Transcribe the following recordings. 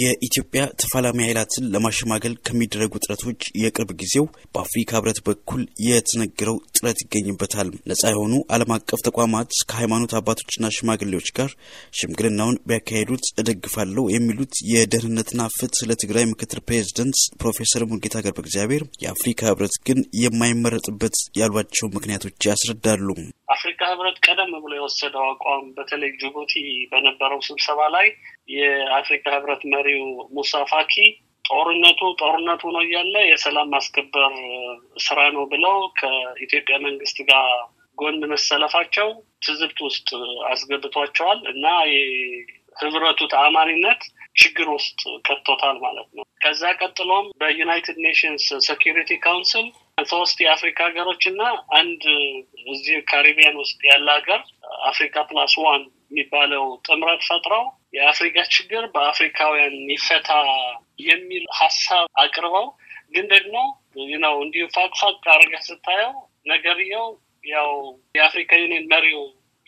የኢትዮጵያ ተፋላሚ ኃይላትን ለማሸማገል ከሚደረጉ ጥረቶች የቅርብ ጊዜው በአፍሪካ ህብረት በኩል የተነገረው ጥረት ይገኝበታል። ነጻ የሆኑ ዓለም አቀፍ ተቋማት ከሃይማኖት አባቶችና ሽማግሌዎች ጋር ሽምግልናውን ቢያካሄዱት እደግፋለሁ የሚሉት የደህንነትና ፍትህ ለትግራይ ምክትል ፕሬዚደንት ፕሮፌሰር ሙልጌታ ገብረ እግዚአብሔር የአፍሪካ ህብረት ግን የማይመረጥበት ያሏቸው ምክንያቶች ያስረዳሉ። አፍሪካ ህብረት ቀደም ብሎ የወሰደው አቋም በተለይ ጅቡቲ በነበረው ስብሰባ ላይ የአፍሪካ ህብረት መሪው ሙሳ ፋኪ ጦርነቱ ጦርነቱ ነው እያለ የሰላም ማስከበር ስራ ነው ብለው ከኢትዮጵያ መንግስት ጋር ጎን መሰለፋቸው ትዝብት ውስጥ አስገብቷቸዋል እና የህብረቱ ተአማኒነት ችግር ውስጥ ከቶታል ማለት ነው። ከዛ ቀጥሎም በዩናይትድ ኔሽንስ ሴኪሪቲ ካውንስል ሶስት የአፍሪካ ሀገሮች እና አንድ እዚህ ካሪቢያን ውስጥ ያለ ሀገር አፍሪካ ፕላስ ዋን የሚባለው ጥምረት ፈጥረው የአፍሪካ ችግር በአፍሪካውያን ይፈታ የሚል ሀሳብ አቅርበው ግን ደግሞ ነው እንዲሁ ፋቅፋቅ አድርገህ ስታየው ነገርየው ያው የአፍሪካ ዩኒየን መሪው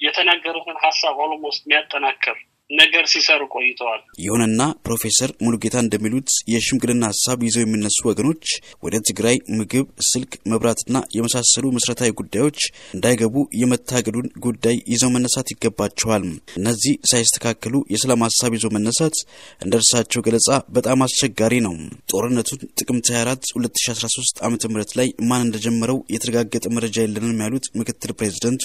የተናገሩትን ሀሳብ ኦልሞስት የሚያጠናክር ነገር ሲሰሩ ቆይተዋል። ይሁንና ፕሮፌሰር ሙሉጌታ እንደሚሉት የሽምግልና ሀሳብ ይዘው የሚነሱ ወገኖች ወደ ትግራይ ምግብ፣ ስልክ፣ መብራትና የመሳሰሉ መሰረታዊ ጉዳዮች እንዳይገቡ የመታገዱን ጉዳይ ይዘው መነሳት ይገባቸዋል። እነዚህ ሳይስተካከሉ የሰላም ሀሳብ ይዞ መነሳት እንደ እርሳቸው ገለጻ በጣም አስቸጋሪ ነው። ጦርነቱን ጥቅምት 24 2013 ዓ ም ላይ ማን እንደጀመረው የተረጋገጠ መረጃ የለንም ያሉት ምክትል ፕሬዚደንቱ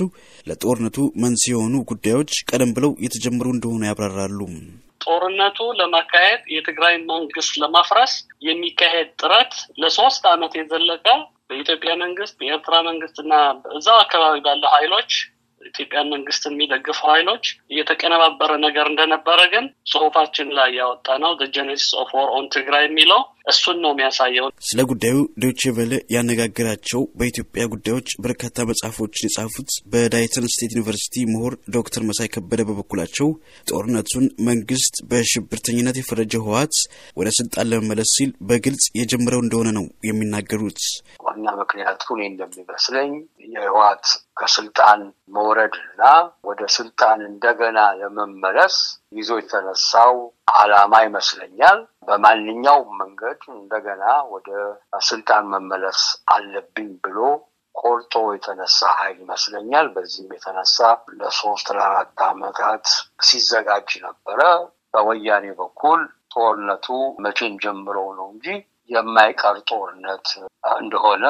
ለጦርነቱ መንስኤ የሆኑ ጉዳዮች ቀደም ብለው የተጀመሩ እንደሆኑ ያብራራሉ። ጦርነቱ ለማካሄድ የትግራይ መንግስት ለማፍረስ የሚካሄድ ጥረት ለሶስት አመት የዘለቀ በኢትዮጵያ መንግስት በኤርትራ መንግስት እና እዛው አካባቢ ባለ ኃይሎች ኢትዮጵያን መንግስት የሚደግፉ ኃይሎች እየተቀነባበረ ነገር እንደነበረ ግን ጽሁፋችን ላይ ያወጣ ነው ጀነሲስ ኦፍ ዎር ኦን ትግራይ የሚለው እሱን ነው የሚያሳየው። ስለ ጉዳዩ ዶይቼ ቬለ ያነጋገራቸው በኢትዮጵያ ጉዳዮች በርካታ መጽሐፎችን የጻፉት በዳይተን ስቴት ዩኒቨርሲቲ ምሁር ዶክተር መሳይ ከበደ በበኩላቸው ጦርነቱን መንግስት በሽብርተኝነት የፈረጀ ህወሓት ወደ ስልጣን ለመመለስ ሲል በግልጽ የጀመረው እንደሆነ ነው የሚናገሩት። ዋና ምክንያቱ እኔ እንደሚመስለኝ የህወሓት ከስልጣን መውረድና ወደ ስልጣን እንደገና ለመመለስ ይዞ የተነሳው አላማ ይመስለኛል። በማንኛውም መንገድ እንደገና ወደ ስልጣን መመለስ አለብኝ ብሎ ቆርጦ የተነሳ ኃይል ይመስለኛል። በዚህም የተነሳ ለሶስት ለአራት አመታት ሲዘጋጅ ነበረ። በወያኔ በኩል ጦርነቱ መቼን ጀምረው ነው እንጂ የማይቀር ጦርነት እንደሆነ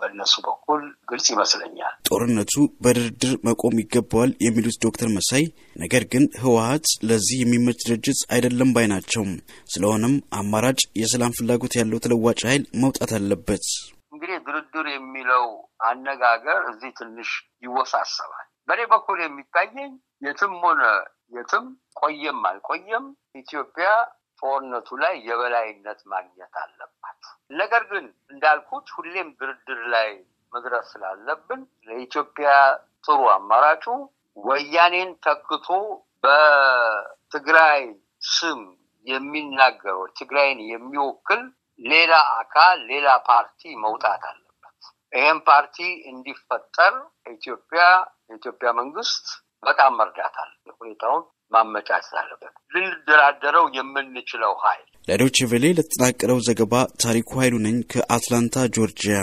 በእነሱ በኩል ግልጽ ይመስለኛል። ጦርነቱ በድርድር መቆም ይገባዋል የሚሉት ዶክተር መሳይ ነገር ግን ህወሀት ለዚህ የሚመች ድርጅት አይደለም ባይ ናቸው። ስለሆነም አማራጭ የሰላም ፍላጎት ያለው ተለዋጭ ኃይል መውጣት አለበት። እንግዲህ ድርድር የሚለው አነጋገር እዚህ ትንሽ ይወሳሰባል። በእኔ በኩል የሚታየኝ የትም ሆነ የትም ቆየም አልቆየም ኢትዮጵያ ጦርነቱ ላይ የበላይነት ማግኘት አለባቸው። ነገር ግን እንዳልኩት ሁሌም ድርድር ላይ መድረስ ስላለብን ለኢትዮጵያ ጥሩ አማራጩ ወያኔን ተክቶ በትግራይ ስም የሚናገረው ትግራይን የሚወክል ሌላ አካል ሌላ ፓርቲ መውጣት አለበት። ይህም ፓርቲ እንዲፈጠር ኢትዮጵያ የኢትዮጵያ መንግስት በጣም መርዳት አለ ሁኔታውን ማመቻቸት አለበት። ልንደራደረው የምንችለው ኃይል ለዶችቬሌ ለተጠናቀረው ዘገባ ታሪኩ ኃይሉ ነኝ ከአትላንታ ጆርጂያ።